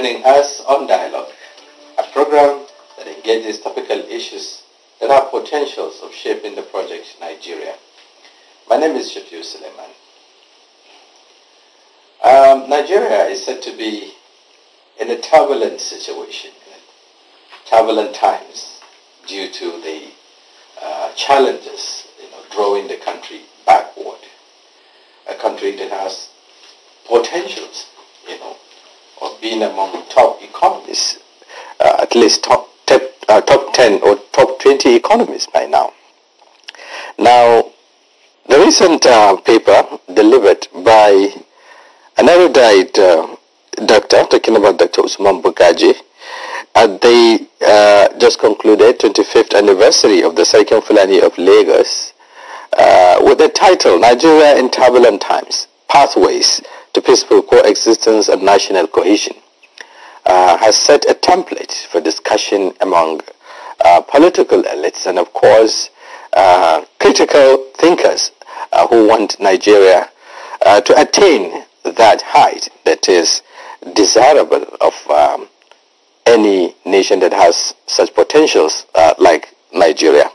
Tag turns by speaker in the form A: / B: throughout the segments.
A: joining us on Dialogue, a program that engages topical issues that have potentials of shaping the project Nigeria. My name is Shafiu Suleiman. Um, Nigeria is said to be in a turbulent situation, turbulent times due to the uh, challenges you know, drawing the country backward, a country that has potential ranking among top economists, uh, at least top, uh, top 10 or top 20 economists by now. Now, the recent uh, paper delivered by an erudite uh, doctor, talking about Dr. Usman Bugaji, uh, they uh, just concluded 25th anniversary of the Second Fulani of Lagos, with the title Nigeria in Turbulent Times, Pathways to Peaceful Coexistence and National Cohesion uh, has set a template for discussion among uh, political elites and, of course, uh, critical thinkers uh, who want Nigeria uh, to attain that height that is desirable of um, any nation that has such potentials uh, like Nigeria.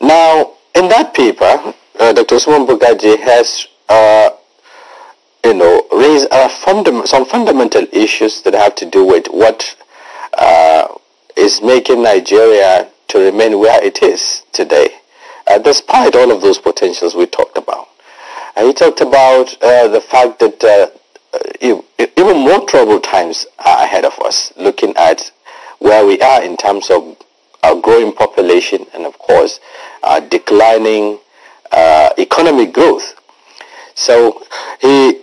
A: Now, in that paper, Dr. Usman Bugaji has you know, raise some fundamental issues that have to do with what uh, is making Nigeria to remain where it is today, uh, despite all of those potentials we talked about. And he talked about uh, the fact that uh, uh, even more troubled times are ahead of us, looking at where we are in terms of our growing population and, of course, our declining uh, economic growth. So he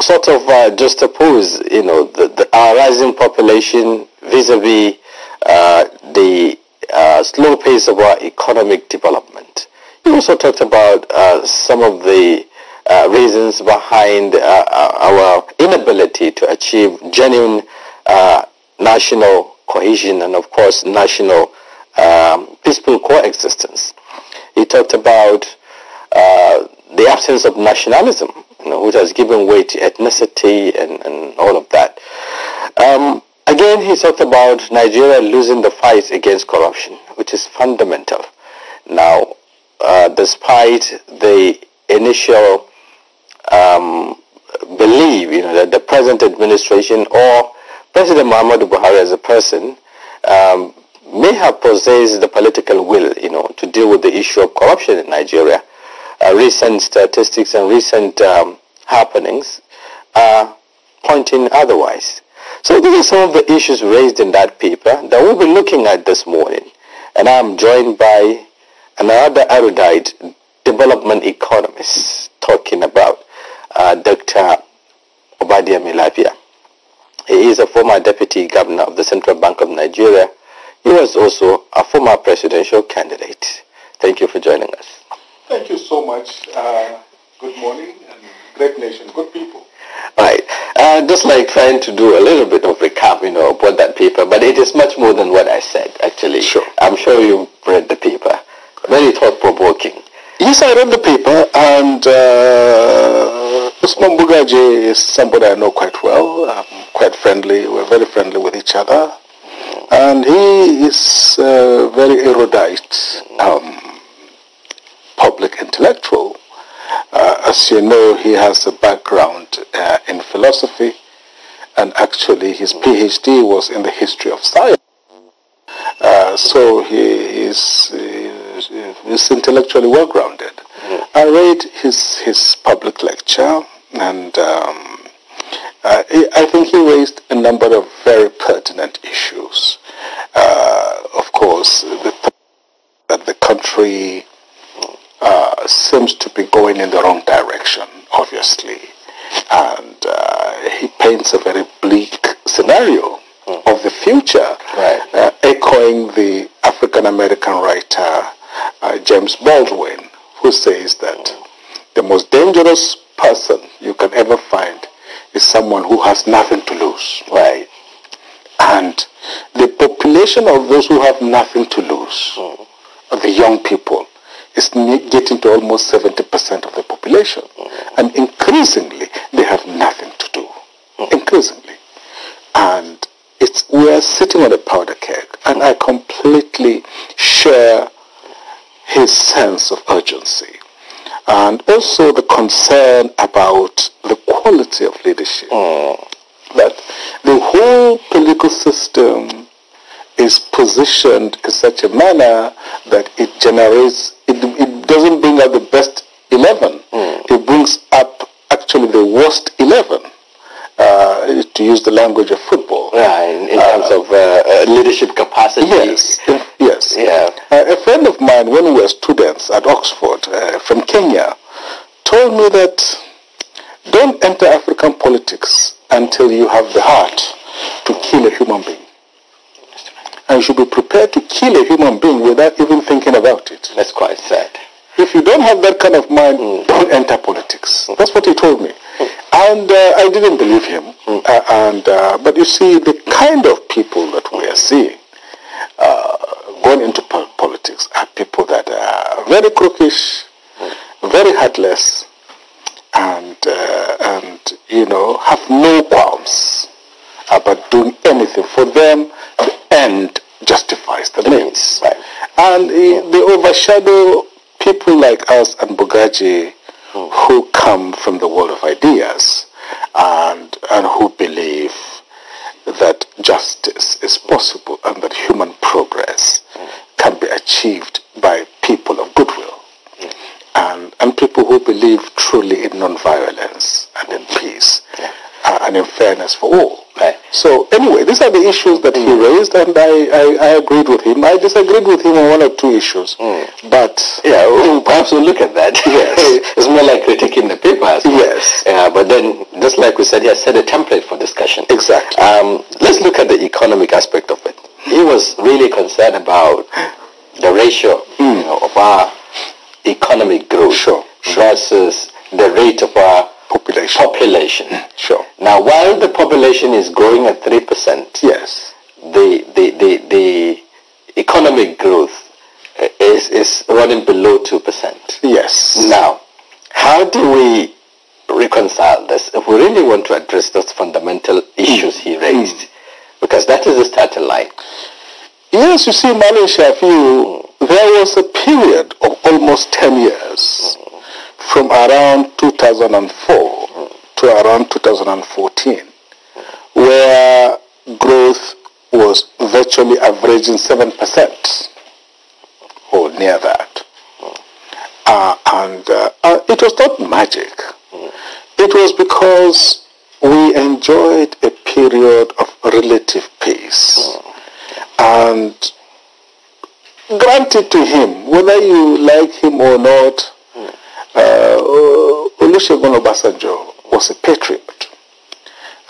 A: sort of uh, juxtapose, you know, the, the our rising population vis-a-vis uh, the uh, slow pace of our economic development. You also talked about uh, some of the uh, reasons behind uh, our inability to achieve genuine national cohesion and, of course, national um, peaceful coexistence. He talked about the absence of nationalism you know, which has given way to ethnicity and, and all of that. Um, again, he talked about Nigeria losing the fight against corruption, which is fundamental. Now, uh, despite the initial um, belief, you know, that the present administration or President Muhammadu Buhari as a person um, may have possessed the political will, you know, to deal with the issue of corruption in Nigeria recent statistics and recent um, happenings are uh, pointing otherwise. So these are some of the issues raised in that paper that we'll be looking at this morning. And I'm joined by another erudite development economist talking about uh, Dr. Obadiah Milavia. He is a former deputy governor of the Central Bank of Nigeria. He was also a former presidential candidate. Thank you for joining us.
B: Thank you so much. Uh, good morning and great nation, good people.
A: Right. Uh, just like trying to do a little bit of recap, you know, about that paper, but it is much more than what I said, actually. Sure. I'm sure you read the paper. Very thought-provoking.
B: Yes, I read the paper, and uh, Usman Bugaji is somebody I know quite well. I'm quite friendly. We're very friendly with each other. And he is uh, very erudite. Um, public intellectual. Uh, as you know, he has a background uh, in philosophy, and actually his PhD was in the history of science. Uh, so he is, uh, is intellectually well grounded. Mm. I read his, his public lecture, and um, uh, I think he raised a number of very pertinent issues. Uh, of course, the that the country uh, seems to be going in the wrong direction, obviously. And uh, he paints a very bleak scenario mm. of the future, right. uh, echoing the African American writer uh, James Baldwin, who says that mm. the most dangerous person you can ever find is someone who has nothing to lose. Right. And the population of those who have nothing to lose, mm. the young people, is getting to almost 70% of the population. Mm. And increasingly, they have nothing to do. Mm. Increasingly. And it's, we are sitting on a powder keg. And I completely share his sense of urgency. And also the concern about the quality of leadership. Mm. That the whole political system is positioned in such a manner that it generates, it, it doesn't bring out the best 11. Mm. It brings up actually the worst 11. Uh, to use the language of football. Yeah, in, in uh, terms of uh, uh, leadership capacity. Yes, yes. Yeah. Uh, a friend of mine, when we were students at Oxford from Kenya, told me that don't enter African politics until you have the heart to kill a human being. And you should be prepared to kill a human being without even thinking about it. That's quite sad. If you don't have that kind of mind, mm. don't enter politics. That's what he told me. Mm. And uh, I didn't believe him. Mm. Uh, and uh, But you see, the kind of people that we are seeing uh, going into po politics are people that are very crookish, very heartless, and, uh, and, you know, have no qualms about doing anything. For them, the end justifies the means. Right. And uh, they overshadow people like us and Bugaji hmm. who come from the world of ideas and, and who believe that justice is possible and that human progress hmm. can be achieved by people of goodwill hmm. and, and people who believe truly in nonviolence and in peace. Yeah uh, and in fairness for all. Right. So anyway, these are the issues that mm. he raised, and I, I, I, agreed with him. I disagreed with him on one or two issues, mm.
A: but yeah, perhaps we'll look at that. Yes, it's more like critiquing the papers. Yes, Yeah, but then just like we said, he has set a template for discussion. Exactly. Um, let's look at the economic aspect of it. He was really concerned about the ratio mm. you know, of our economic growth sure. versus the rate of our Population. Population. Sure. Now, while the population is growing at 3%, yes, the, the, the, the economic growth uh, is, is running below 2%. Yes. Now, how do we reconcile this if we really want to address those fundamental issues mm. he raised? Mm. Because that is the starting line. Yes, you see, Malaysia, if you, there was a
B: period of almost 10 years mm from around 2004 to around 2014, where growth was virtually averaging 7% or near that. Uh, and uh, uh, it was not magic. It was because we enjoyed a period of relative peace. And granted to him, whether you like him or not, uh, Olusegun Obasanjo was a patriot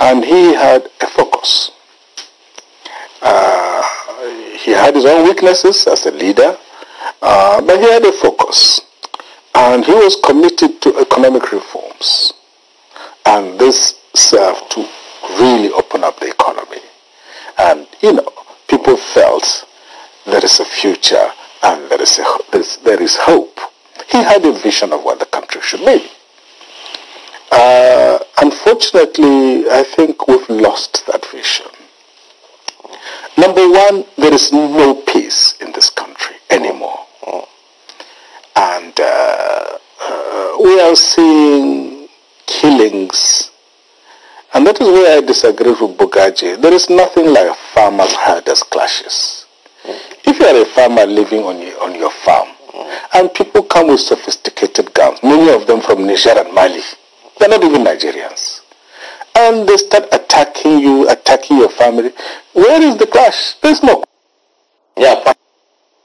B: and he had a focus. Uh, he had his own weaknesses as a leader, uh, but he had a focus. And he was committed to economic reforms. And this served to really open up the economy. And, you know, people felt there is a future and there is, a, there is, there is hope he had a vision of what the country should be. Uh, unfortunately, I think we've lost that vision. Number one, there is no peace in this country anymore. And uh, uh, we are seeing killings. And that is where I disagree with Bugaji. There is nothing like farmers' herders clashes. If you are a farmer living on your, on your farm, and people come with sophisticated guns, many of them from Niger and Mali. They're not even Nigerians. And they start attacking you, attacking your family.
A: Where is the clash? There's no. Yeah, but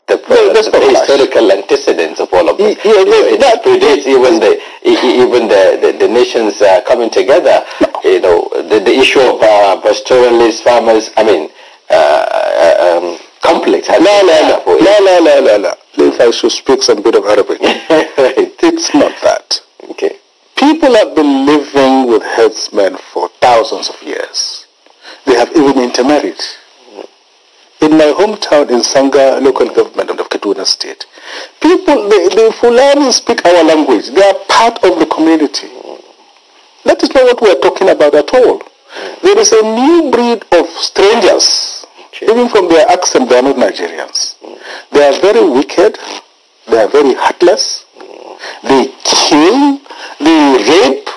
A: the, no, the, no historical antecedents of all of this. Yeah, it, that predates even the even the the, the nations uh, coming together. You know, the, the issue of uh, pastoralists, farmers. I mean, uh, uh um, complex. No, no, no, no, no, no, no, no.
B: I I should speak some bit of Arabic. right. It's not that. Okay. People have been living with herdsmen for thousands of years. They have even intermarried. In my hometown in Sangha, local government of Kaduna state, people, the, the Fulani speak our language. They are part of the community. That is not what we are talking about at all. There is a new breed of strangers even from their accent, they are not Nigerians. They are very wicked. They are very heartless. They kill. They rape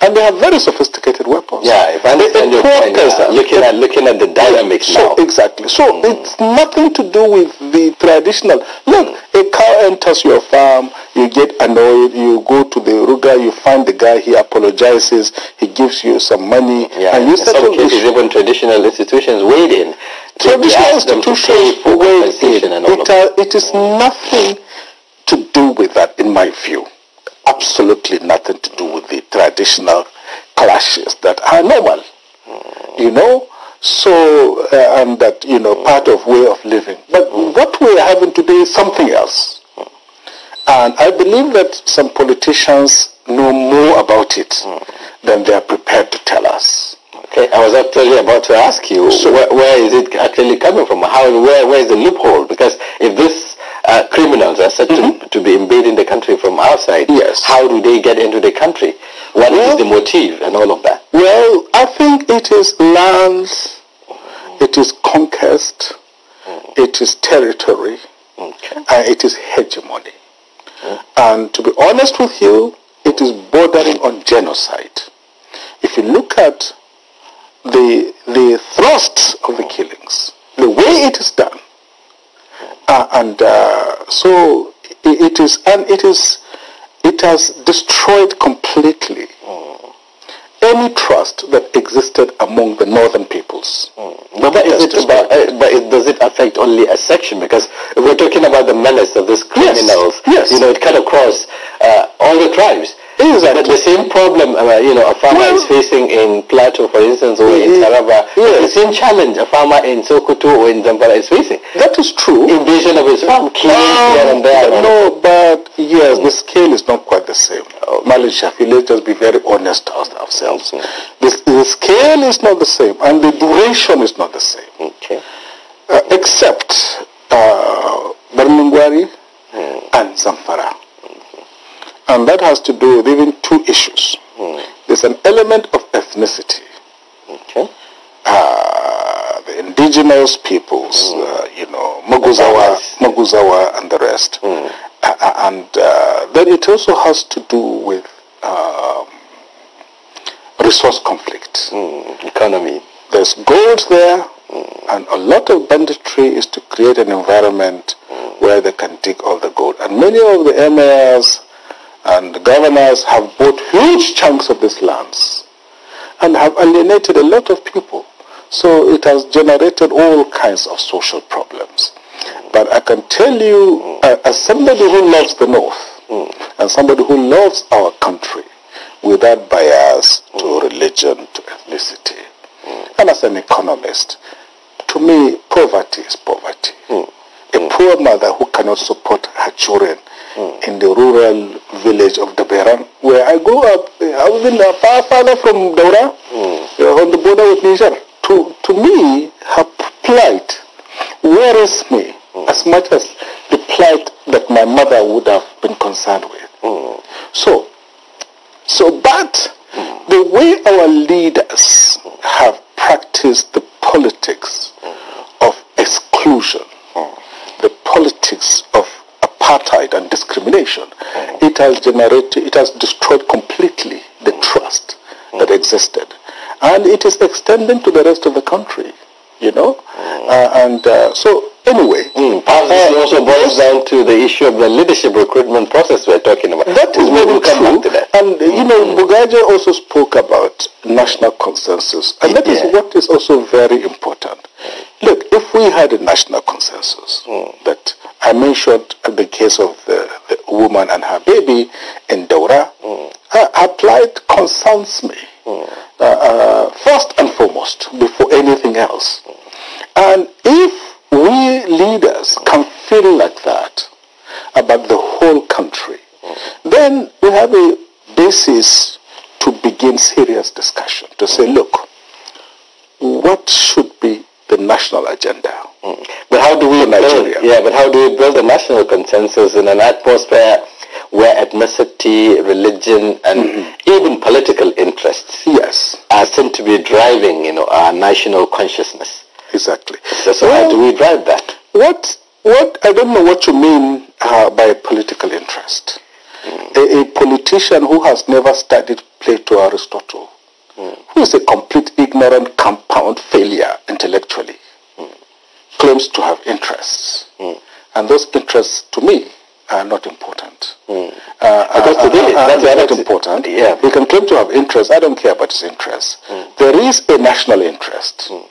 B: and they have very sophisticated weapons. Yeah, if I understand your point, yeah. looking at looking at the dynamics so, now. Exactly. So mm. it's nothing to do with the traditional. Look, a cow enters your farm, you get annoyed, you go to the ruga, you find the
A: guy, he apologizes, he gives you some money, yeah, and you in some cases, even traditional institutions weighed in. Traditional institutions weighed in. It, uh, it is hmm.
B: nothing to do with that, in my view absolutely nothing to do with the traditional clashes that are normal. You know, so uh, and that you know part of way of living. But what we're having today is something else, and I believe that some politicians know more
A: about it than they are prepared to tell us. Okay, I was actually about to ask you so, where, where is it actually coming from? How where where is the loophole? Because if this uh, criminals are said mm-hmm. to, to be invading the country from outside. Yes. How do they get into the country? What well, is the motive and all of that?
B: Well, I think it is lands, it is conquest, mm. it is territory, okay. and it is hegemony. Okay. Mm. And to be honest with you, it is bordering on genocide. If you look at the, the thrust of the killings, the way it is done, uh, and uh, so it, it is, and it is, it has destroyed completely
A: mm. any trust that existed among the northern peoples. Mm. But, it, but, uh, but it, does it affect only a section? Because we're talking about the menace of these criminals. Yes. yes. You know, it cut across uh, all the tribes. This is the same problem, uh, you know, a farmer well, is facing in Plateau, for instance, or in Taraba. Yes. The same challenge a farmer in Sokoto or in Zamfara is facing. That is true. Invasion of his farm, killing
B: um, here and there. And no, but yes, the scale is not quite the same. Malishafi, oh. Malik Shafi, let's just be very honest to ourselves. Mm. The, the, scale is not the same, and the duration is not the same. Okay. Uh, except uh, mm. and Zamfara. And that has to do with even two issues. Mm. There's an element of ethnicity. Okay. Uh, the indigenous peoples, mm. uh, you know, Muguzawa, Muguzawa and the rest. Mm. Uh, and uh, then it also has to do with um, resource conflict. Hmm. Economy. There's gold there, hmm. and a lot of banditry is to create an environment hmm. where they can dig all the gold. And many of the MAs and the governors have bought huge chunks of these lands and have alienated a lot of people. So it has generated all kinds of social problems. But I can tell you, uh, as somebody who loves the North mm. and somebody who loves our country without bias mm. to religion, to ethnicity, mm. and as an economist, to me, poverty is poverty. Mm. A poor mother who cannot support her children mm. in the rural village of Daberan, where I grew up. I was in far, far from Daura, uh, mm. eh, on the border with Niger. To, to me, her plight worries me mm. as much as the plight that my mother would have been concerned with. Mm. So, so but the way our leaders have practiced the politics of exclusion, the politics of apartheid and discrimination, it has generated, it has destroyed completely the trust that existed. And it is extending to the rest of the country, you know. Uh, and uh, so,
A: anyway. Mm, it also uh, boils down to the issue of the leadership recruitment process we're talking about. That
B: is very we'll true. And, mm. you know, Bugaja hmm. also spoke about national consensus. And that yeah. is what is also very important. Look, if we had a national consensus mm. that I mentioned the case of the, the woman and her baby in Dora, mm. uh, applied concerns me mm. uh, uh, first and foremost before anything else. And if we leaders can feel like that about the whole country, hmm. then we have a basis to begin serious discussion to say, hmm. look, what should
A: be the national agenda. Mm. But how do we Nigeria? build? Yeah, but how do we build a national consensus in an atmosphere where ethnicity, religion, and mm -hmm. even political interests yes are seen to be driving, you know, our national consciousness? Exactly. So, so well, how do we drive that?
B: What? What? I don't know what you mean uh, by political interest. Mm. A, a politician who has never studied Plato or Aristotle mm. who is a complete ignorant compound failure intellectually, mm. claims to have interests. Hmm. And those interests, to me, are not important. Mm. Uh, because uh, today, uh, uh, that's not important. Yeah. He can claim to have interests. I don't care about his interests. Mm. There is a national interest, mm.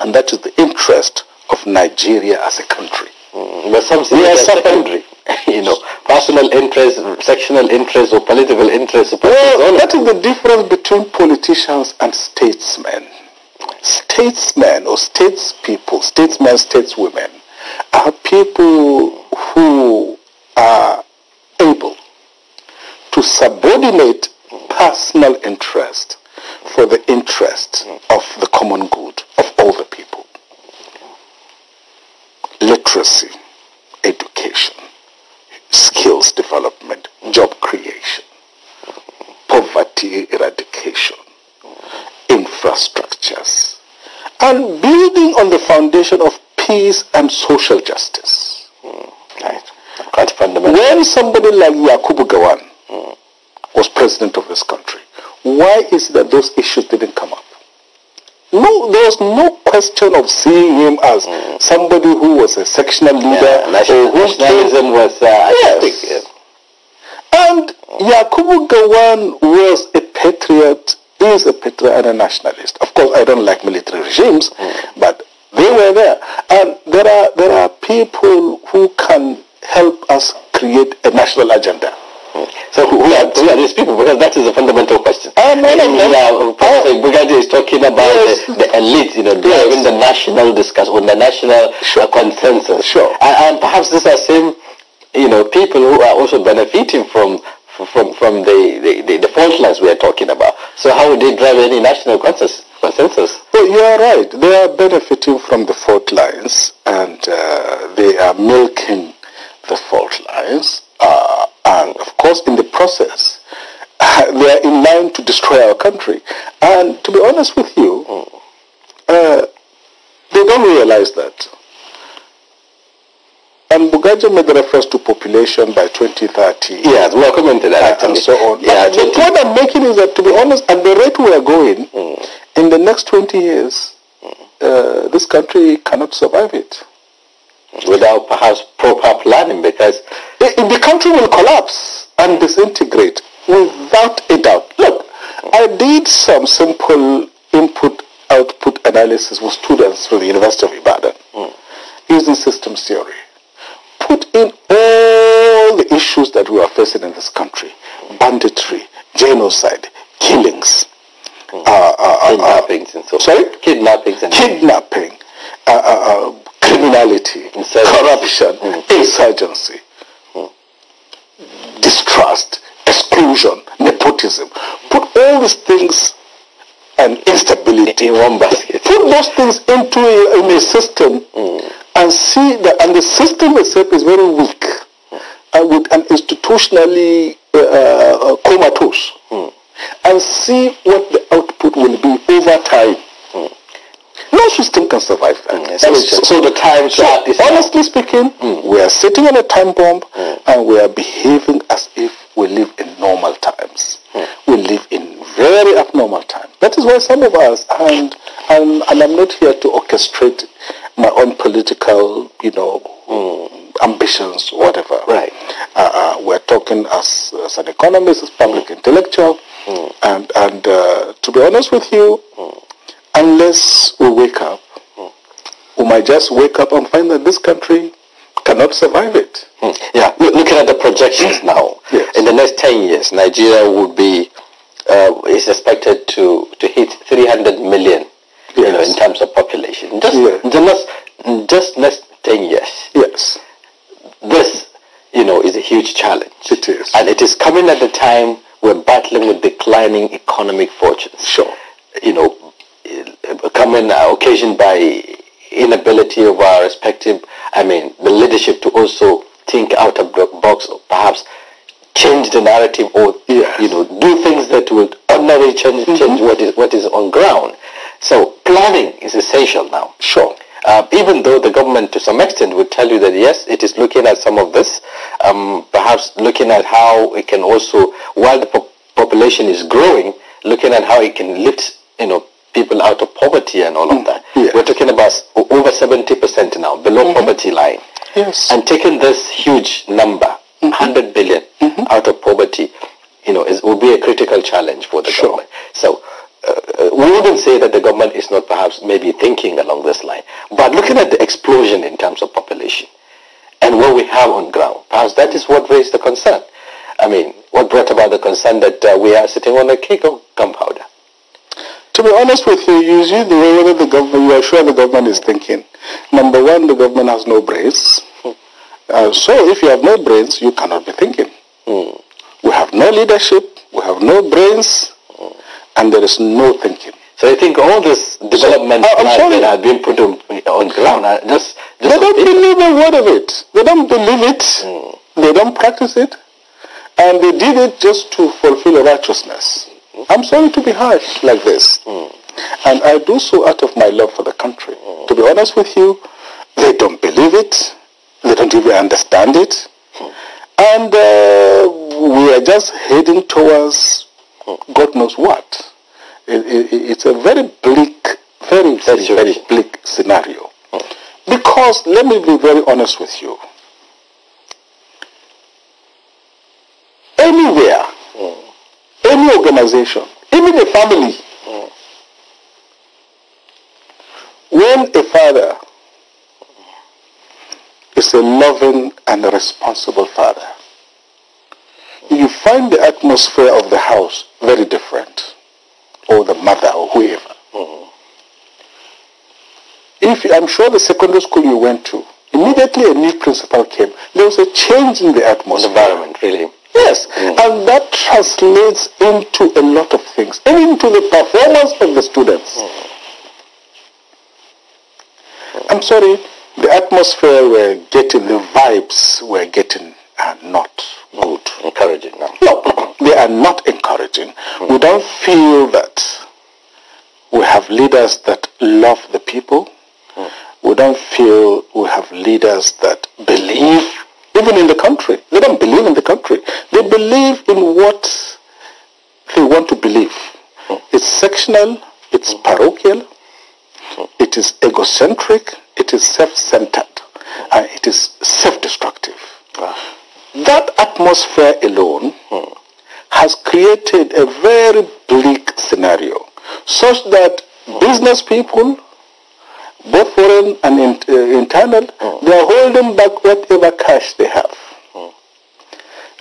A: and that is the interest of Nigeria as a country. Mm. But some yes, are secondary you know, personal interest, sectional interest, or political interest. Well,
B: that is the difference between politicians and statesmen. Statesmen or statespeople, statesmen, stateswomen, are people who are able to subordinate personal interest for the interest of the common good of all the people. Literacy, education, skills development, job creation, poverty eradication, infrastructures, and building on the foundation of peace and social justice. Hmm. Right. Quite fundamental. When somebody like Yakubu Gawan was president of this country, why is it that those issues didn't come up? No, there was no question of seeing him as mm. somebody who was a sectional leader. Yeah, national, or who nationalism came, was uh, yes. Think, And Yakubu Gawan was a patriot, is a patriot and a nationalist. Of course, I don't like military regimes, mm. but they were there. And there are, there are people who can
A: help us create a national agenda. So who are, are these people? Because that is a fundamental question. Um, no, no, no. Uh, Professor Bugadi is talking about yes. the, the, elite, you know, driving the national discussion or the national sure. Uh, consensus. Sure. And, and perhaps these are same, you know, people who are also benefiting from from from the, the, the, the fault lines we are talking about. So how would they drive any national consensus? consensus? Well, you are right. They are
B: benefiting from the fault lines and uh, they are milking the fault lines. Uh, and of course, in the process, they are in line to destroy our country. And to be honest with you, uh, they don't realize that. And Bugaja made reference to population by 2030. Yes, we are coming that. And, so on. Yeah, the point I'm making is that, to be honest, at the rate we are going, mm. in the next 20 years, mm. uh, this country cannot survive it without perhaps proper planning because the country will collapse and disintegrate without a doubt. Look, I did some simple input output analysis with students from the University of Ibadan mm. using systems theory. Put in all the issues that we are facing in this country banditry, genocide, killings. Mm. Uh, uh, kidnappings and so Sorry? Kidnappings and kidnapping. Uh, criminality, insurgency. corruption, mm. insurgency, mm. distrust, exclusion, nepotism. Put all these things and instability in one basket. Put those things into a, in a system mm. and see that, and the system itself is very weak and, with, institutionally uh, uh, comatose. And see what the output will be over time no system can survive. So, so, the time trap so, is. Honestly speaking, mm. we are sitting on a time bomb mm. and we are behaving as if we live in normal times. Mm. We live in very abnormal times. That is why some of us, and, and, and I'm not here to orchestrate my own political, you know mm. ambitions, whatever. Right. Uh, uh, we're talking as, as an economist, as public mm. intellectual, mm. and and uh, to be honest with you, mm unless we wake up,
A: mm. we might just wake up and find that this country cannot survive it. Mm. Yeah, L- looking at the projections hmm. now, yes. in the next 10 years, Nigeria would be, uh, is expected to, to hit 300 million yes. you know, in terms of population. Just, just, just next 10 years. Yes. This, you know, is a huge challenge. It is. And it is coming at the time we're battling with declining economic fortunes. Sure. You know, coming uh, occasioned by inability of our respective, I mean, the leadership to also think out of the box, or perhaps change the narrative, or yes. you know, do things that would ordinarily change, mm -hmm. what is what is on ground. So planning is essential now. Sure. Uh, even though the government, to some extent, would tell you that yes, it is looking at some of this, um, perhaps looking at how it can also, while the po population is growing, looking at how it can lift, you know, people out of poverty and all of mm. that. We're talking about over 70% now, below mm -hmm. poverty line. Yes. And taking this huge number, mm -hmm. 100 billion mm -hmm. out of poverty, you know, is, will be a critical challenge for the sure. government. So uh, uh we wouldn't say that the government is not perhaps maybe thinking along this line. But looking at the explosion in terms of population and what we have on ground, perhaps that is what raised the concern. I mean, what brought about the concern that uh, we are sitting on a cake of gunpowder. To be honest with you,
B: you see the way whether the government, you are sure the government is thinking. Number one, the government has no brains. Hmm. Uh, so if you have no brains, you cannot be thinking. Mm. We have no leadership, we have no brains,
A: mm. and there is no thinking. So I think all this development so, uh, sorry, that has been put on, on ground are just, just... They don't believe a word of it. They don't believe it.
B: Hmm. They don't practice it. And they did it just to fulfill righteousness. I'm sorry to be harsh like this. Mm. And I do so out of my love for the country. Mm. To be honest with you, they don't believe it. They don't even understand it. Mm. And uh, we are just heading towards mm. God knows what. It, it, it's a very bleak, very, very, very bleak scenario. Mm. Because let me be very honest with you. organization, even a family. When a father is a loving and a responsible father, you find the atmosphere of the house very different, or the mother, or whoever. If I'm sure the secondary school you went to, immediately a new principal came. There was a change in the atmosphere. The environment, really. Yes, and that translates into a lot of things and into the performance of the students. Hmm. I'm sorry, the atmosphere we're getting, the vibes we're getting are not good. Encouraging them. No, they are not encouraging. Hmm. We don't feel that we have leaders that love the people. Hmm. We don't feel we have leaders that believe even in the country. They don't believe in the country. They believe in what they want to believe. It's sectional, it's parochial, it is egocentric, it is self-centered, and it is self-destructive. That atmosphere alone has created a very bleak scenario such that business people, both foreign and in, uh, internal, mm. they are holding back whatever cash they have. Mm.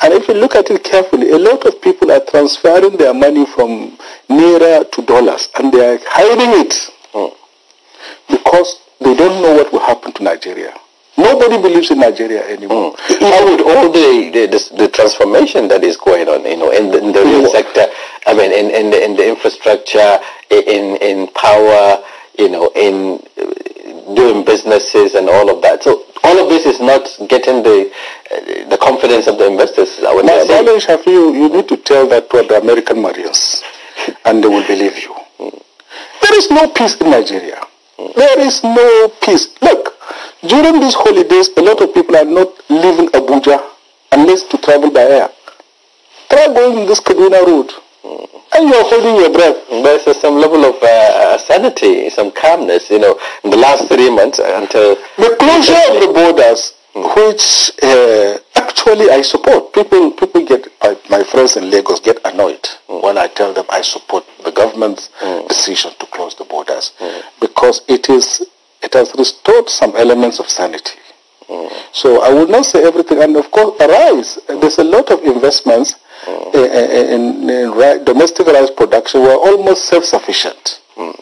B: And if you look at it carefully, a lot of people are transferring their money from naira to dollars, and they are hiding it mm. because they don't know what will happen to Nigeria. Nobody believes in Nigeria
A: anymore. Mm. would all the, the, the, the, transformation that is going on, you know, in the, in the real mm. sector, I mean, in, in, the, in the infrastructure, in, in power, you know, in uh, doing businesses and all of that. So all of this is not getting the uh, the confidence of the investors. I would say. Knowledge have you, you need to tell that to the American Marines,
B: and they will believe you. Mm. There is no peace in Nigeria. There is no peace. Look, during these holidays, a lot of people are not leaving Abuja
A: unless to travel by air. Try going this Kaduna road and you're holding your breath. There's uh, some level of uh, sanity, some calmness, you know, in the last three months until... The closure of the borders, mm. which uh,
B: actually I support. People, people get, my friends in Lagos get annoyed mm. when I tell them I support the government's mm. decision to close the borders mm. because it is, it has restored some elements of sanity. Mm. So I would not say everything, and of course, arise. There's a lot of investments Eh, eh, eh, in, in, in domestic
A: rice production were almost self-sufficient. Mm.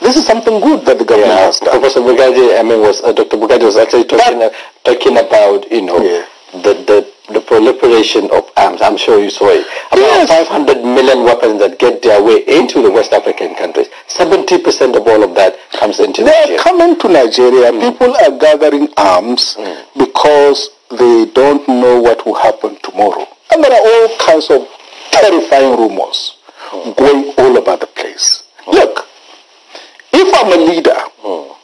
A: This is something good that the government yeah, has done. Professor Bugadi, I mean, was uh, Dr. Bukadi was actually talking uh, talking about you know yeah. the, the the proliferation of arms. I'm sure you saw it. About yes. 500 million weapons that get their way into the West African countries. 70% of all of that comes into they Nigeria. They are
B: coming to Nigeria. Mm. People are gathering arms mm. because they don't know what will happen terrifying rumors mm. going all over the place. Mm. Look, if I'm a leader mm.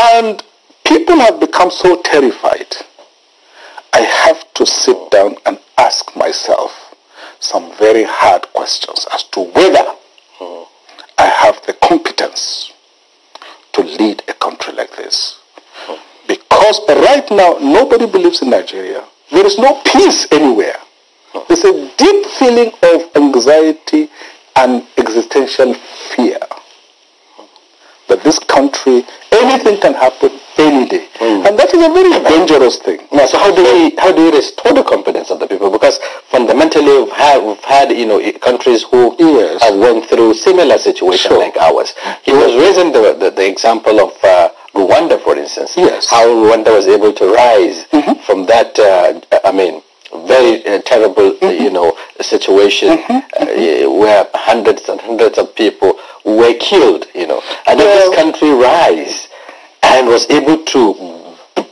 B: and people have become so terrified, I have to sit down and ask myself some very hard questions as to whether hmm, I have the competence to lead a country like this. Hmm. Because right now, nobody believes in Nigeria. There is no peace anywhere. There's a deep feeling of anxiety and existential fear that this
A: country, anything can happen any day. Mm. And that is a very dangerous thing. Now, so how do we how do we restore the confidence of the people? Because fundamentally, we've had, we've had you know countries who yes. have went through similar situations sure. like ours. He yes. was raising the, the, the example of. Uh, Rwanda, for instance, yes. how Rwanda was able to rise mm -hmm. from that, uh, I mean, very uh, terrible, mm-hmm. you know, situation mm-hmm. uh, where hundreds and hundreds of people were killed, you know. And well, if this country rise and was able to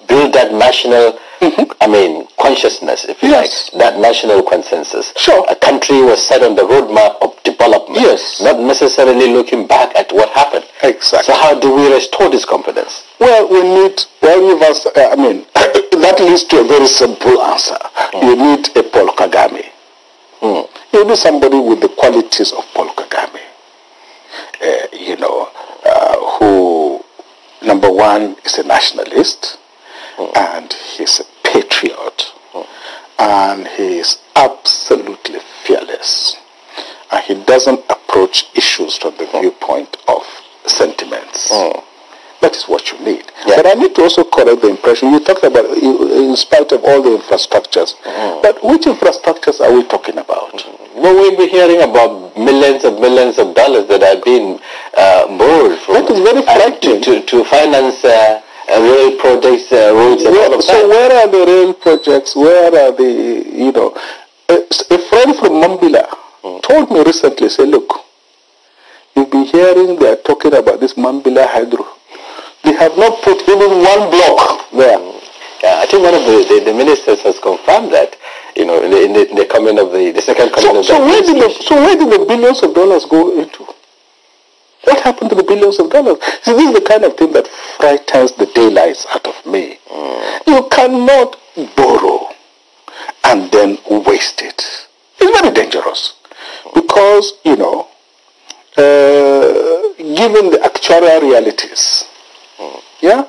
A: build that national -hmm. I mean, consciousness, if you yes. like, that national consensus. Sure. A country was set on the roadmap of development. Yes. Not necessarily looking back at what happened. Exactly. So how do we restore this confidence? Well, we need, all of us, I mean, that leads to a very
B: simple answer. Mm. You need a Paul Kagame. Mm. You need somebody with the qualities of Paul Kagame. Uh, you know, uh, who, number one, is a nationalist mm. and he's a patriot mm. and he is absolutely fearless and he doesn't approach issues from the viewpoint of sentiments. That is what you need. Yeah. But I need to also correct the impression. You talked about, in spite of all
A: the infrastructures, mm. but which
B: infrastructures are we talking about? Mm. Well, we'll
A: be hearing about millions and millions of dollars that have been uh, borrowed from. That is very frightening. To, to, to finance uh, uh, rail projects, roads, and all of so that. So where are the rail
B: projects? Where are the, you know, a friend from Mambila mm. told me recently, say, look, you've been hearing they are talking about this Mambila hydro.
A: They have not put even one block there. Hmm. Yeah, I think one of the, the, the, ministers has confirmed that, you know, in the, in the, in the comment of the, the second comment so, of so where did
B: the So where did the billions of dollars go into? What happened to the billions of dollars? See, this is the kind of thing that frightens the daylights out of me. Mm. You cannot borrow and then waste it. It's very dangerous because, you know, uh, given the actual realities, mm. yeah,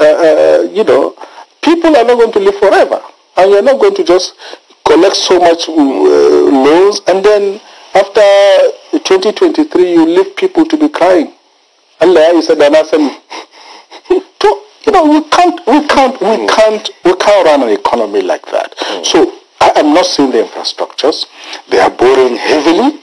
B: uh, uh, you know, people are not going to live forever. And you're not going to just collect so much uh, loans and then after 2023, you leave people to be crying. Allah is a danasami. so, you know, we can't, we can't, we mm. can't, we can't run an economy like that. Mm. So, I am not seeing the infrastructures. They are borrowing heavily.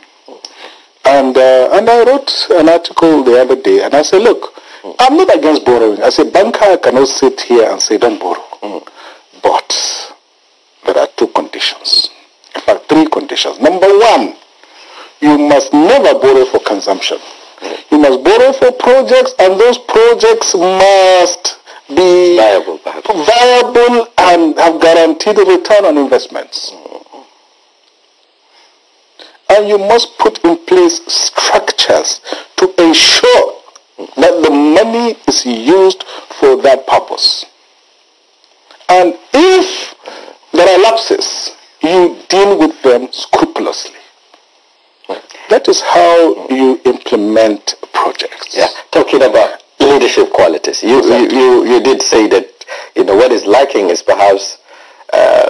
B: And, uh, and I wrote an article the other day and I said, look, mm. I'm not against borrowing. I said, banker, I cannot sit here and say, don't borrow. Mm. But there are two conditions. In fact, three conditions. Number one, you must never borrow for consumption. You must borrow for projects, and those projects must be viable, viable and have guaranteed return on investments. Mm. And you must put in place structures to ensure that the money is used for that purpose. And if there are lapses, you deal with them scrupulously.
A: That is how you implement projects. Yeah, talking about leadership qualities. You, exactly. you, you, you, did say that you know what is lacking is perhaps uh,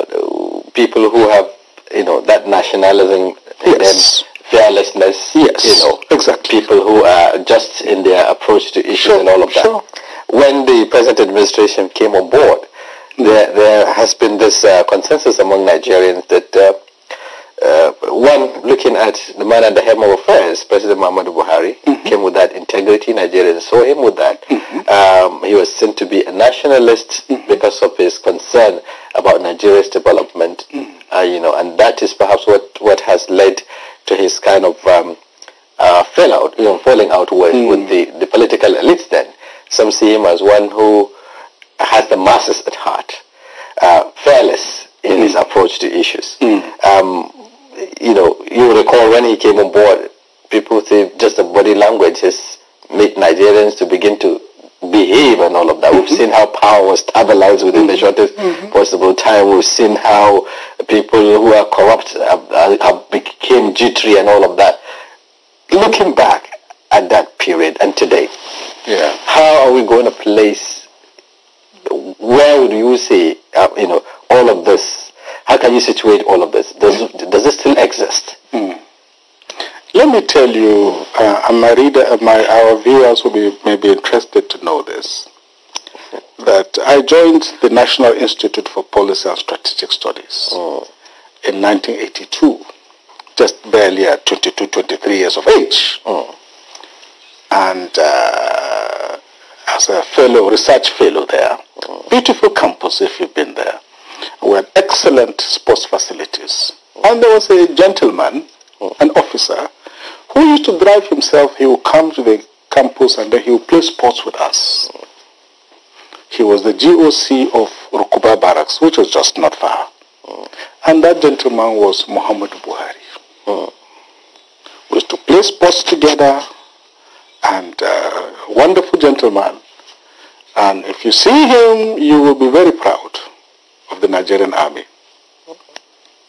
A: people who have you know that nationalism yes. fearlessness. Yes, you know exactly people who are just in their approach to issues sure, and all of that. Sure. When the present administration came on board, mm. there, there has been this uh, consensus among Nigerians that uh, uh, one, looking at the man at the helm of affairs, President Muhammad Buhari, mm -hmm. came with that integrity. Nigerians saw him with that. Mm -hmm. um, he was seen to be a nationalist mm -hmm. because of his concern about Nigeria's development, mm-hmm. uh, you know, and that is perhaps what, what has led to his kind of um, uh, fallout, you know, falling out with, mm. with the, the political elites then. Some see him as one who has the masses at heart, uh, fearless in mm. his approach to issues. Mm. Um, you know, you recall when he came on board, people say just the body language has made Nigerians to begin to behave and all of that. Mm -hmm. We've mm-hmm. seen how power was stabilized within mm -hmm. the mm-hmm. shortest mm -hmm. possible time. We've seen how people who are corrupt have, have became jittery and all of that. Looking back at that period and today, yeah, how are we going to place? Where would you say, uh, you know, all of this how can you situate all of this? Does, does it still exist? Mm. Let me tell you, uh, my reader, uh, my, our viewers will be, maybe
B: interested to know this, that I joined the National Institute for Policy and Strategic Studies oh. in 1982, just barely at 22, 23 years of age. Oh. And uh, as a fellow, research fellow there, oh. beautiful campus if you've been there. We had excellent sports facilities. And there was a gentleman, an officer, who used to drive himself. He would come to the campus and then he would play sports with us. He was the GOC of Rukuba Barracks, which was just not far. And that gentleman was Muhammad Buhari. We used to play sports together and uh, wonderful gentleman. And if you see him, you will be very proud of the Nigerian army.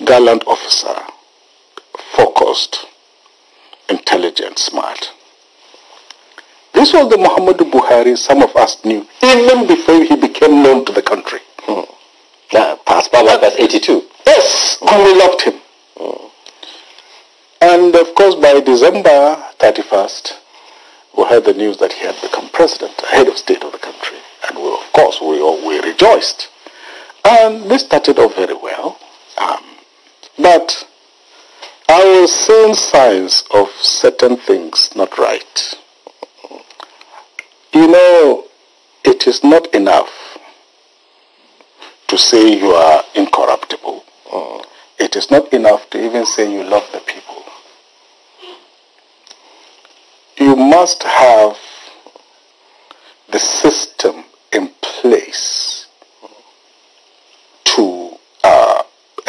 B: Gallant officer, focused, intelligent, smart. This was the Muhammadu Buhari some of us knew even before he became known to the country. Hmm. That passed by like 82. Yes, mm. and we loved him. And of course, by December 31st, we heard the news that he had become president, head of state of the country. And we, of course, we, all, we rejoiced. And um, this started off very well, um, but I was seeing signs of certain things not right. You know, it is not enough to say you are incorruptible. It is not enough to even say you love the people. You must have the system in place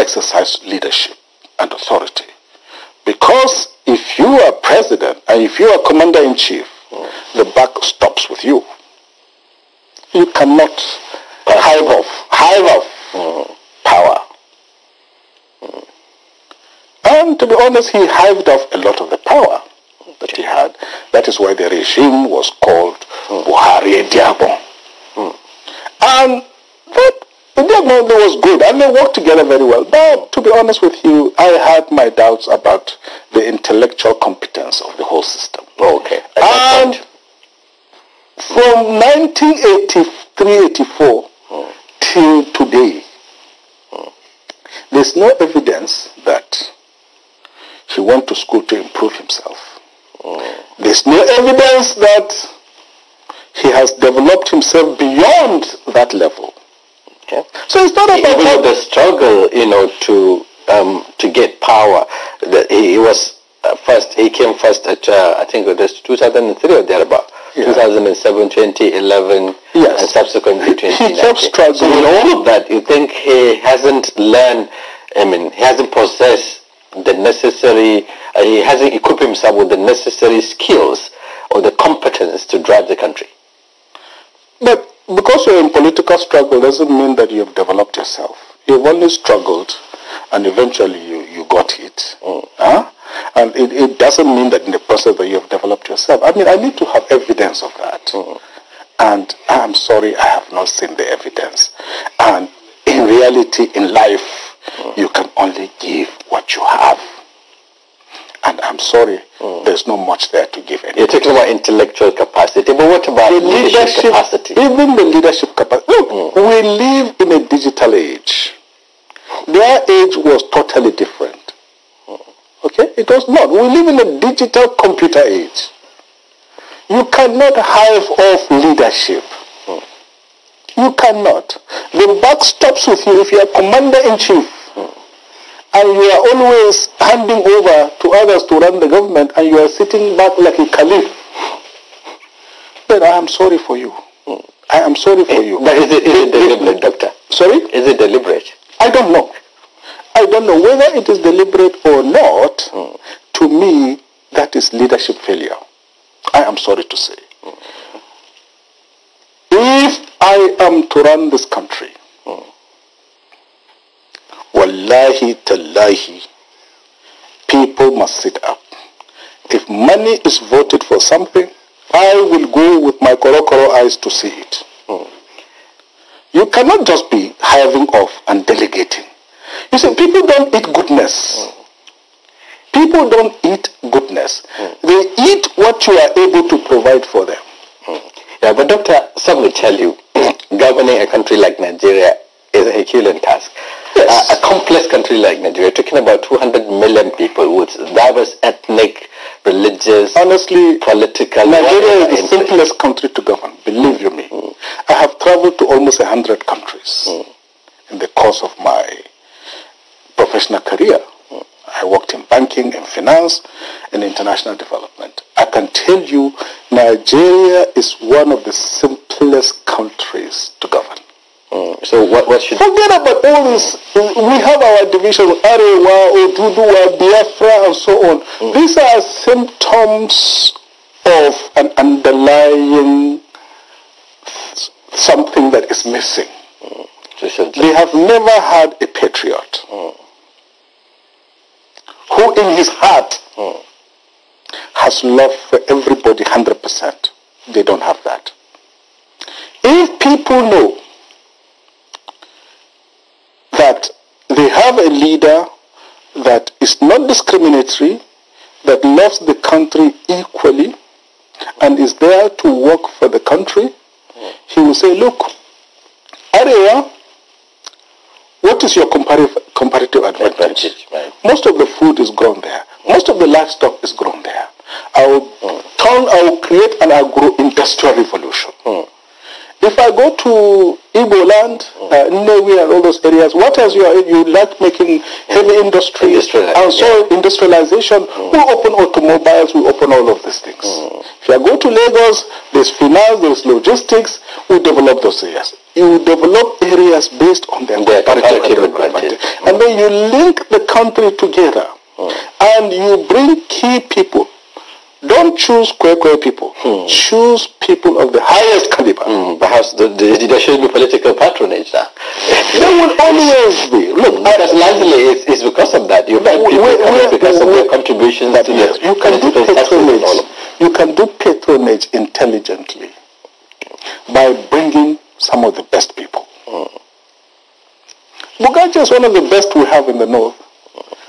B: exercise leadership and authority. Because if you are president and if you are commander in chief, mm. the buck stops with you. You cannot hive off, hive off mm. power. Mm. And to be honest, he hived off a lot of the power that he had. That is why the regime was called mm. Buhari Diabo. Mm. And that the day Ronaldo was good and they worked together very well. But to be honest with you, I had my doubts about the intellectual competence of the whole system. Okay. And from 1983-84 oh. till today, there's no evidence that he went to school to improve himself. There's no evidence that
A: he has developed himself beyond that level. So it's not about you know, the struggle, you know, to um, to get power. that he, he was uh, first. He came first at uh, I think it was 2003 or thereabout. Yeah. 2007, 2011, yes. and subsequently 2019. He kept struggling. So in all of that, you think he hasn't learned? I mean, he hasn't possessed the necessary. Uh, he hasn't equipped himself with the necessary skills or the competence to drive the country. But because you're in political struggle doesn't mean that you've developed yourself.
B: You've only struggled and eventually you, you got it. Mm. Huh? And it, it doesn't mean that in the process that you have developed yourself. I mean, I need to have evidence of that. Mm. And I'm sorry, I have not seen the evidence. And in reality, in life, mm. you can only give what you have. And I'm sorry, Mm. There's not much there to give. it. You're talking about intellectual capacity, but what about the leadership, leadership capacity? Even the leadership capacity. Look, mm. we live in a digital age. Their age was totally different. Mm. Okay? It was not. We live in a digital computer age. You cannot hive off leadership. Mm. You cannot. The buck stops with you if you are commander in chief. Mm and you are always handing over to others to run the government and you are sitting back like a caliph, then I am sorry for you. I am sorry for you. But is it, is it deliberate, doctor? Sorry? Is it deliberate? I don't know. I don't know whether it is deliberate or not. Mm. To me, that is leadership failure. I am sorry to say. Mm. If I am to run this country, Wallahi tallahi, people must sit up. If money is voted for something, I will go with my korokoro eyes to see it. Mm. You cannot just be hiving off and delegating. You see, people don't eat goodness. Mm. People don't
A: eat goodness. Mm. They eat what you are able to provide for them. Mm. Yeah, but Doctor, some will tell you, governing a country like Nigeria is a Herculean task a, a complex country like Nigeria, are talking about 200 million people with diverse ethnic, religious, honestly, political. Nigeria is the
B: simplest country to govern, believe you me. Mm. I have traveled to almost 100 countries mm. in the course of my professional career. Mm. I worked in banking and finance and international development. I can tell you Nigeria is one of the simplest countries to govern. Mm. So what, what should... Forget about all this. We have our division, Arewa, Oduduwa, Biafra, and so on. Mm. These are symptoms of an underlying something that is missing. Mm. They have never had a patriot mm. who in his heart mm. has love for everybody 100%. They don't have that. If people know that they have a leader that is not discriminatory, that loves the country equally, and is there to work for the country, he will say, look, area, what is your comparative, comparative advantage? Right. Most of the food is grown there. Most of the livestock is grown there. I will, mm. turn, I will create an agro-industrial revolution. Mm. If I go to Igbo land, uh, Nnewi and all those areas, what else you are You like making heavy industry and so yeah. industrialization. Mm. We open automobiles, we open all of these things. Mm. If you go to Lagos, there's finance, there's logistics, we develop those areas. You develop areas based on their yeah, comparative advantage. Mm. And then you link the country together mm. and you bring key people don't choose queer people. Hmm. Choose people of the highest
A: caliber. Hmm. Perhaps the, the, there should be political patronage there. there will always be. Look, because largely it's, it's because of that. You find people we, because of contributions
B: to the you can do patronage. You can do patronage intelligently by bringing some of the best people. Hmm. is one of the best we have in the north.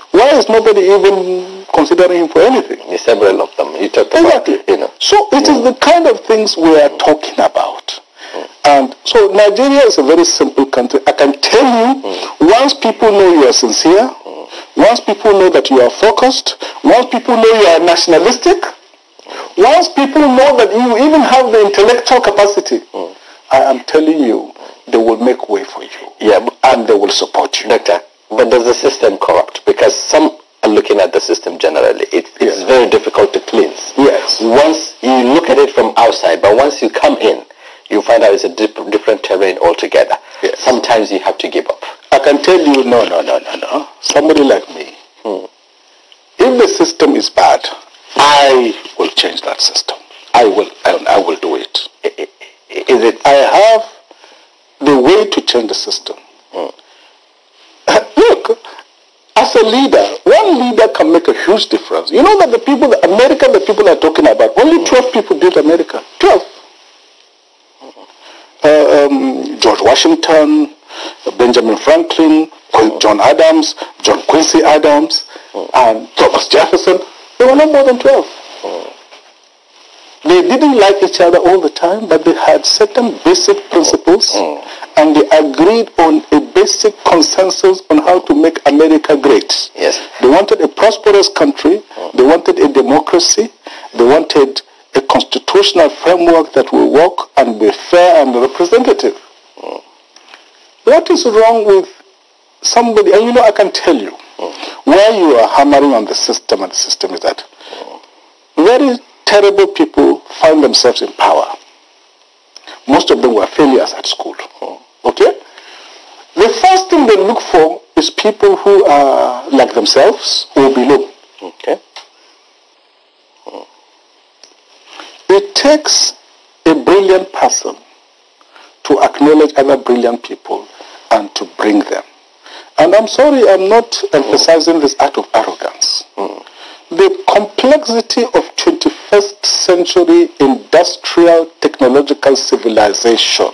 B: Why is nobody even considering him for anything. He several of them. He talked exactly. About, you know. So it mm. is the kind of things we are talking about. Mm. And so Nigeria is a very simple country. I can tell you, mm. once people know you are sincere, hmm. once people know that you are focused, once people know you are nationalistic, hmm. once people know that you even have the intellectual
A: capacity, hmm. I am telling you, they will make way for you. Yeah, and they will support you. Doctor, but does the system corrupt? Because some looking at the system generally. It is yeah. very difficult to cleanse. Yes. Once you look at it from outside, but once you come in, you find out it's a dip- different terrain altogether. Yes. Sometimes you have to give up. I can tell you, no, no, no, no, no. Somebody like me, hmm. if the system is
B: bad, I will change that system. I will, I, I will do it. Is it? I have the way to change the system. Hmm. Look, as a leader, one leader can make a huge difference. You know that the people, the America, the people are talking about, only 12 people built America. 12. Uh, um, George Washington, Benjamin Franklin, oh. John Adams, John Quincy Adams, oh. and Thomas Jefferson. There were not more than 12. They didn't like each other all the time, but they had certain basic principles mm. and they agreed on a basic consensus on how to make America great. Yes. They wanted a prosperous country. Mm. They wanted a democracy. They wanted a constitutional framework that will work and be fair and representative. Mm. What is wrong with somebody, and you know I can tell you, mm. where you are hammering on the system and the system is that. where mm. is terrible people find themselves in power. Most of them were failures at school. Okay? The first thing they look for is people who are like themselves or below. Okay? It takes a brilliant person to acknowledge other brilliant people and to bring them. And I'm sorry, I'm not emphasizing this act of arrogance. Mm. The complexity of 21st century industrial technological civilization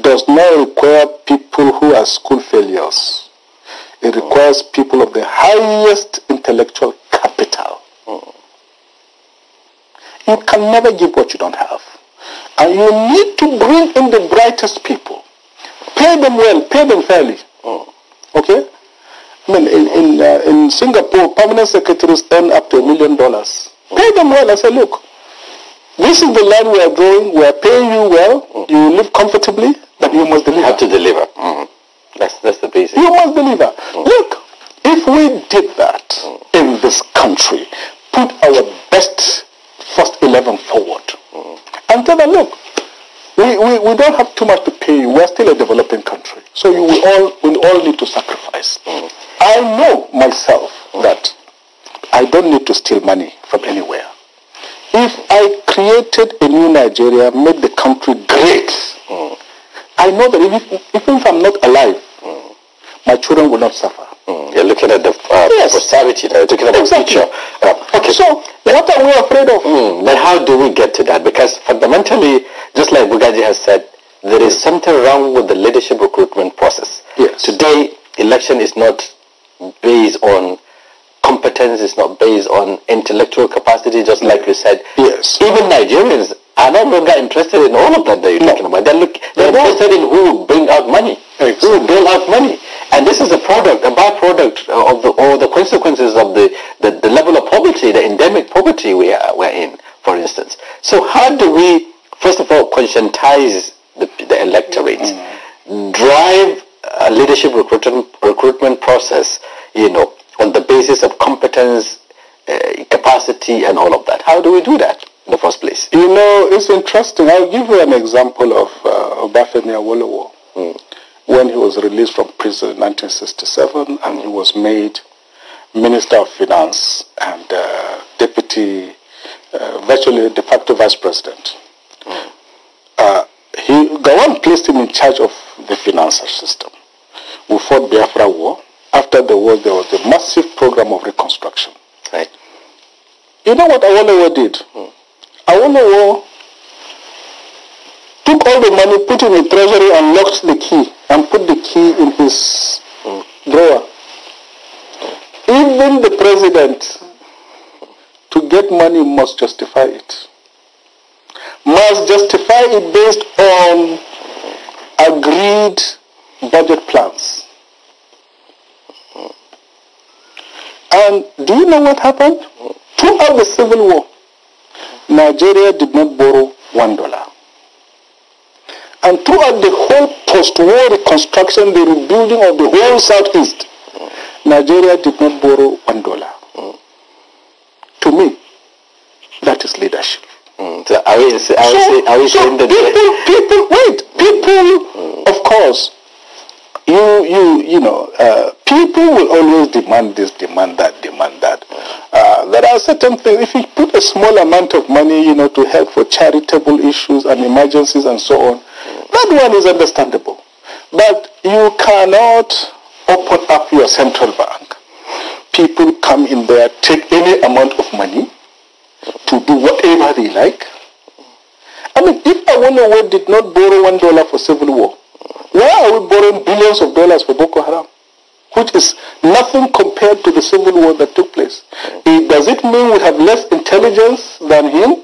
B: does not require people who are school failures. It requires people of the highest intellectual capital. You can never give what you don't have. And you need to bring in the brightest people. Pay them well, pay them fairly. Okay? I mean, in in, uh, in Singapore, permanent secretaries earn up to a million dollars. Pay them well. I say, look, this is
A: the land we are growing. We are paying you well. You live comfortably, but you must deliver. Have to deliver. Mm. That's that's the basic. You must deliver. Mm. Look, if we did that
B: mm-hmm. in this country, put our best first eleven forward, and tell them, look, we, we, we don't have too much to pay. We're still a developing country. So you, we, all, we all need to sacrifice. Mm. I know myself mm. that I don't need to steal money from anywhere. If I created a new Nigeria, made the country great, mm. I know that even if I'm
A: not alive, my children will not suffer. Mm, you're looking at the uh, yes. posterity You're talking about exactly. future. Uh, okay. So what are we afraid of? Mm, but how do we get to that? Because fundamentally, just like Bugaji has said, there is something wrong with the leadership recruitment process. Yes. Today, election is not based on competence, it's not based on intellectual capacity, just like you said. Yes. Even Nigerians are no longer interested in all of that that you're no. talking about. They're, look, they're no. interested in who will bring out money, exactly. who will bail out money consequences of the, the, the level of poverty, the endemic poverty we are, we're in, for instance. So how do we, first of all, conscientize the, the electorate, mm -hmm. drive a leadership recruitment, recruitment process, you know, on the basis of competence, uh, capacity, and all of that? How do we do that? in the first place? You know, it's interesting. I'll give you an example of uh, Bafenia mm.
B: when he was released from prison in 1967 and he was made Minister of Finance and uh, Deputy, uh, virtually de facto Vice President. Mm. Uh, he, Gawan placed him in charge of the financial system. We fought Biafra War. After the war, there was a massive program of reconstruction. Right. You know what Awolowo did? Mm. Awolowo took all the money, put it in the treasury, and locked the key, and put the key in his mm. drawer. Even the president, to get money, must justify it. Must justify it based on agreed budget plans. And do you know what happened? Throughout the Civil War, Nigeria did not borrow one dollar. And throughout the whole post-war reconstruction, the rebuilding of the whole Southeast, Nigeria did not borrow one dollar. Mm. To me, that is leadership. Mm. So are we, are so, we, are we so saying that people, people, wait, people, mm. of course, you, you, you know, uh, people will always demand this, demand that, demand that. Mm. Uh, there are certain things. If you put a small amount of money, you know, to help for charitable issues and emergencies and so on, mm. that one is understandable. But you cannot open up your central bank. People come in there, take any amount of money to do whatever they like. I mean, if Awolowo did not borrow one dollar for civil war, why are we borrowing billions of dollars for Boko Haram? Which is nothing compared to the civil war that took place. does it mean we have less intelligence than him?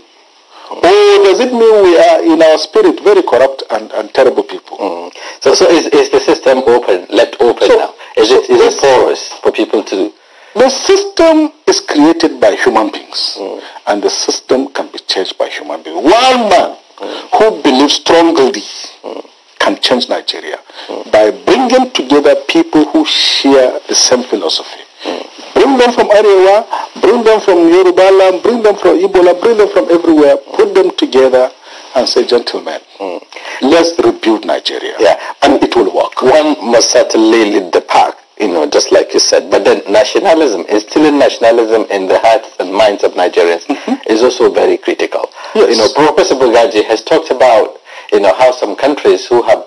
B: Or oh,
A: does it mean we are in our spirit very corrupt and, and terrible people? Mm. So, so is, is the system open, left open so, now? Is, so it, is it porous for people to... The system
B: is created by human beings. Mm. And the system can be changed by human beings. One man mm. who believes strongly mm. can change Nigeria mm. by bringing together people who share the same philosophy. Mm. Bring them from Arewa, bring them from Yoruba land, bring them from Ebola, bring them from everywhere. Put them together
A: and say, gentlemen, mm. let's rebuild Nigeria. Yeah, and it will work. One must certainly lead the pack you know, just like you said. But then nationalism, instilling nationalism in the hearts and minds of Nigerians mm -hmm. is also very critical. Yes. You know, Professor Bugaji has talked about, you know, how some countries who have,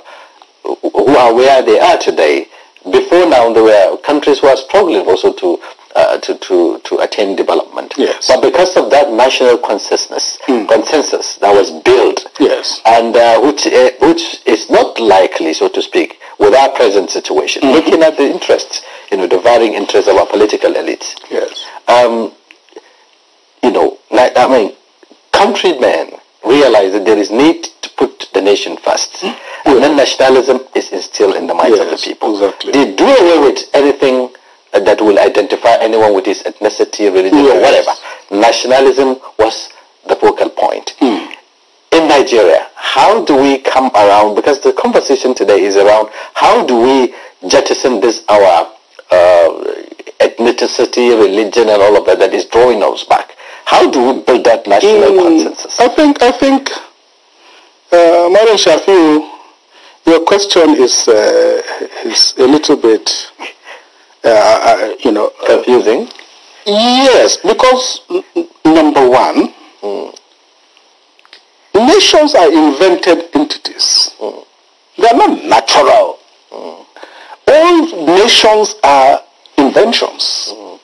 A: who are where they are today, before now there were countries who are struggling also to uh, to, to, to attain development. Yes. But because of that national consensus, mm. consensus that was built, yes. and uh, which, uh, which is not likely, so to speak, with our present situation, mm-hmm. looking at the interests, you know, the varying interests of our political elites. Yes. Um, you know, like, I mean, countrymen realize that there is need to put the nation first. Mm-hmm. And then nationalism is instilled in the minds yes, of the people. Exactly. They do away with anything that will identify anyone with his ethnicity, religion, yes. or whatever. Nationalism was the focal point. Mm. In Nigeria, how do we come around? Because the conversation today is around how do we jettison this our uh, ethnicity, religion, and all of that that is drawing us back. How do we build that national mm. consensus?
B: I think I think, uh, Madam Shafiu, your question is uh, is a little bit. Uh, uh, you know, confusing? Yes, because number one, mm. nations are invented entities. Mm. They are not natural. Mm. All nations are inventions. Mm.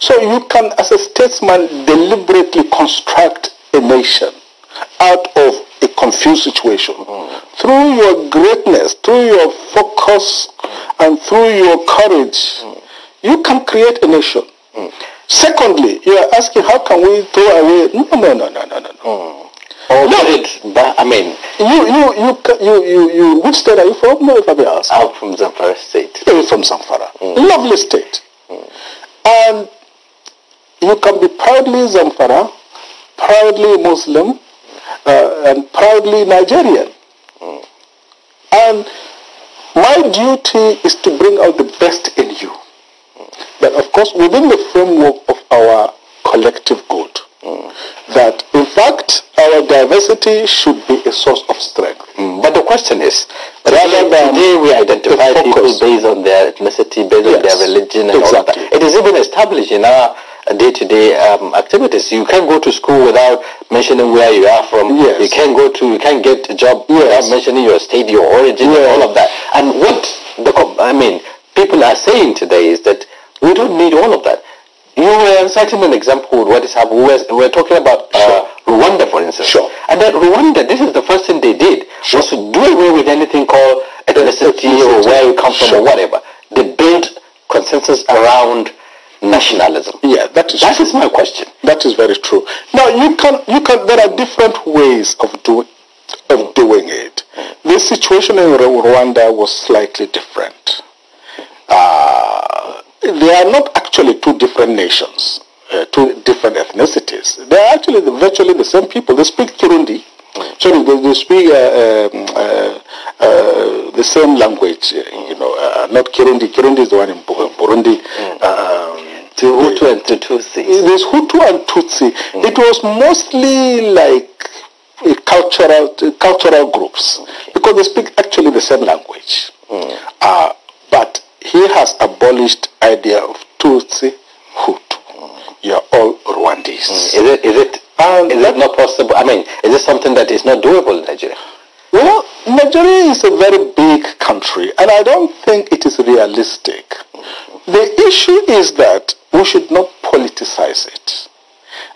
B: So you can, as a statesman, deliberately construct a nation out of a confused situation. Mm. Through your greatness, through your focus, and through your courage, mm. You can create a nation. Mm. Secondly, you are asking how can we throw away? No, no, no, no, no, no. Mm. Or no, it, hmm. but, I mean, you, you, you, you, you, you, which state are you from? No, if I may ask. I'm from Zamfara state. You're from Zamfara. Mm. Lovely state. Mm. And you can be proudly Zamfara, proudly Muslim, uh, and proudly Nigerian. Mm. And my duty is to bring out the best in you. But of course, within the framework of our collective good, mm. that in fact our diversity
A: should be a source of strength. Mm. But the question is, rather today, than today we identify people based on their ethnicity, based yes, on their religion, and exactly. all that. It is even established in our day-to-day um, activities. You can not go to school without mentioning where you are from. Yes. You can not go to, you can not get a job yes. without mentioning your state, your origin, yes. all of that. And what the, I mean, people are saying today is that we don't need all of that. You were citing an example of what is happening. We were talking about uh, sure. Rwanda, for instance. Sure. And that Rwanda, this is the first thing they did, sure. was to do away with anything called ethnicity or where you come from sure. or whatever. They built consensus around nationalism. Yeah, that is. That true. is my question. That is very true. Now you can you can. There are different ways
B: of doing of doing it. The situation in Rwanda was slightly different. Uh, they are not actually two different nations, uh, two different ethnicities. They are actually the, virtually the same people. They speak Kirundi. Sorry, they, they speak uh, um, uh, uh, the same language, uh, you know, uh, not Kirundi. Kirundi is the one in Burundi. Mm. Um, Hutu and Tutsi. There's Hutu and Tutsi. Mm. It was mostly like cultural cultural groups okay. because they speak actually the same language. Mm. but he has abolished idea of Tutsi, Hutu.
A: You are all Rwandese. Mm. Is it, is it, um, is that, not possible? I mean, is it something that is not doable in Nigeria? Well, Nigeria is a very big country, and I don't
B: think it is realistic. Mm-hmm. The issue is that we should not politicize it.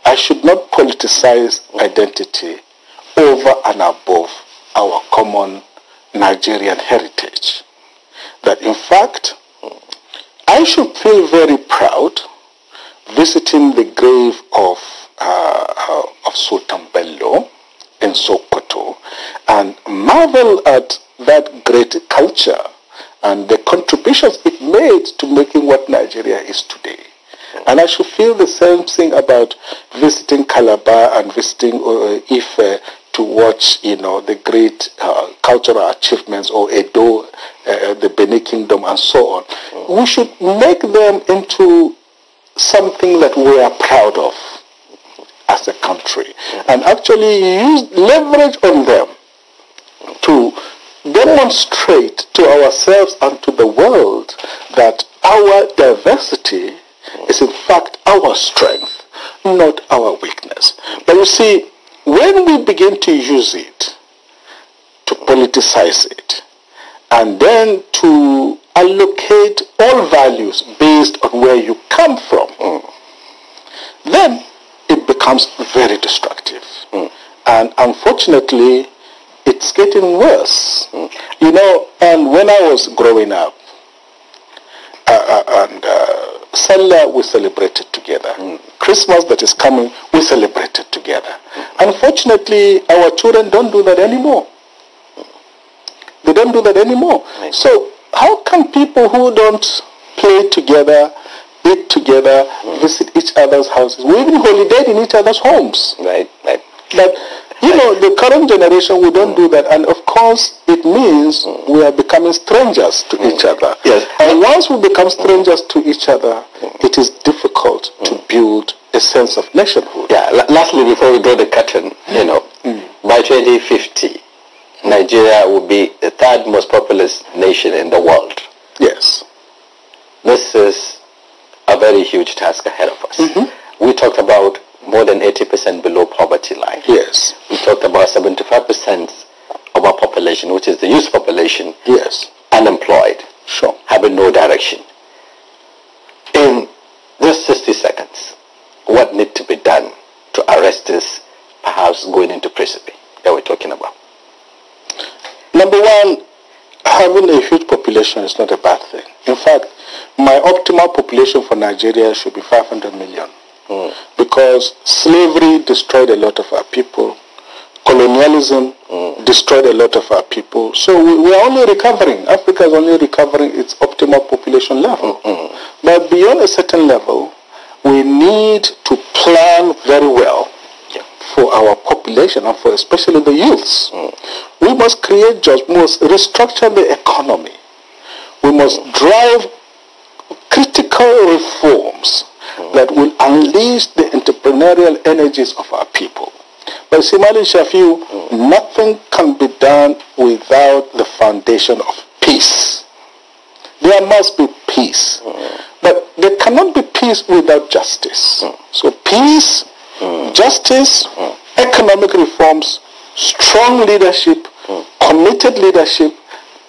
B: I should not politicize identity over and above our common Nigerian heritage. That in fact, I should feel very proud visiting the grave of, uh, uh of Sultan Bello in Sokoto and marvel at that great culture and the contributions it made to making what Nigeria is today. And I should feel the same thing about visiting Calabar and visiting uh, Ife to watch, you know, the great uh, cultural achievements or Edo uh, uh, the Bene Kingdom and so on. Mm. We should make them into something that we are proud of as a country mm. and actually use leverage on them to demonstrate to ourselves and to the world that our diversity is in fact our strength, not our weakness. But you see, when we begin to use it, to politicize it, and then to allocate all values based on where you come from, mm. then it becomes very destructive. Mm. And unfortunately, it's getting worse. Mm. You know, and when I was growing up, uh, uh, and uh, we celebrated together. Hmm. Christmas that is coming, we celebrated together. Hmm. Unfortunately, our children don't do that anymore. They don't do that anymore. Right. So how can people who don't play together, eat together, mm. visit each other's houses? We even holiday in each other's homes. Right, right. But you know, the current generation, we don't mm. do that. And of course, it means mm. we are becoming strangers to mm. each other. Yes. And once we become strangers to each other, mm. it is difficult to mm.
A: build a sense of nationhood. Yeah. L lastly, before we draw the curtain, mm. you know, by 2050, Nigeria will be the third most populous nation in the world. Yes. This is a very huge task ahead of us. Mm -hmm. We talked about more than 80% below poverty line. Yes. We talked about 75% of our population, which is the youth population. Yes. Unemployed. Sure. Having no direction. In just 60 seconds, what need to be done to arrest this, perhaps going into prison that we're talking about? Number one, having a huge population is
B: not a bad thing. In fact, my optimal population for Nigeria should be 500 million. Mm. Because slavery destroyed a lot of our people. Colonialism mm. destroyed a lot of our people. So we, we are only recovering. Africa is only recovering its optimal population level. Mm. But beyond a certain level, we need to plan very well yeah. for our population and for especially the youths. Hmm. We must create jobs, we must restructure the economy. We must drive critical reforms that will unleash the entrepreneurial energies of our people. But Simali Shafiu, nothing can be done without the foundation of peace. There must be peace. But there cannot be peace without justice. So peace, justice, economic reforms, strong leadership, committed leadership,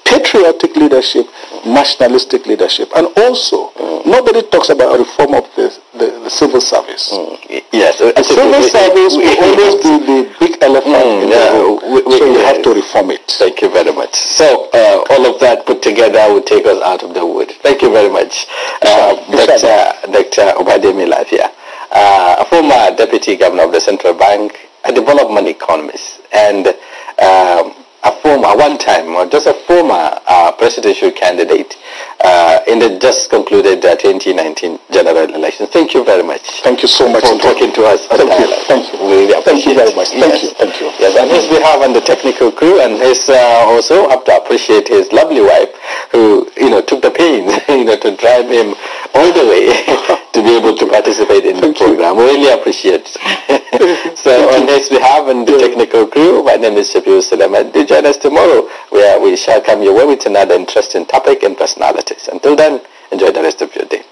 B: patriotic leadership, nationalistic leadership. And also, nobody talks about a reform of the, the, the civil
A: service. Mm, yes. Uh, the civil
B: service will always
A: be the big elephant mm, in the room, so you have to reform it. Thank you very much. So, uh, all of that put together will take us out of the wood. Thank you very much, uh, Dr. Dr. Obademi Lafia, uh, a former Deputy Governor of the Central Bank, a development economist, and um, a former, one time, or uh, just a former uh, presidential candidate uh, in the just concluded 2019 general election. Thank you very much. Thank you so much for talking to us. Thank you. Thank you. Thank you very much. Thank you. Thank you. Yes, on his behalf and the technical crew, and his uh, also have to appreciate his lovely wife who you know took the pains you know to drive him all the way. to be able to participate in the program. Really appreciate. so on his behalf and the technical crew, my name is Shafiu Suleiman. Do join us tomorrow where we shall come your way with another interesting topic and personalities. Until then, enjoy the rest of your day.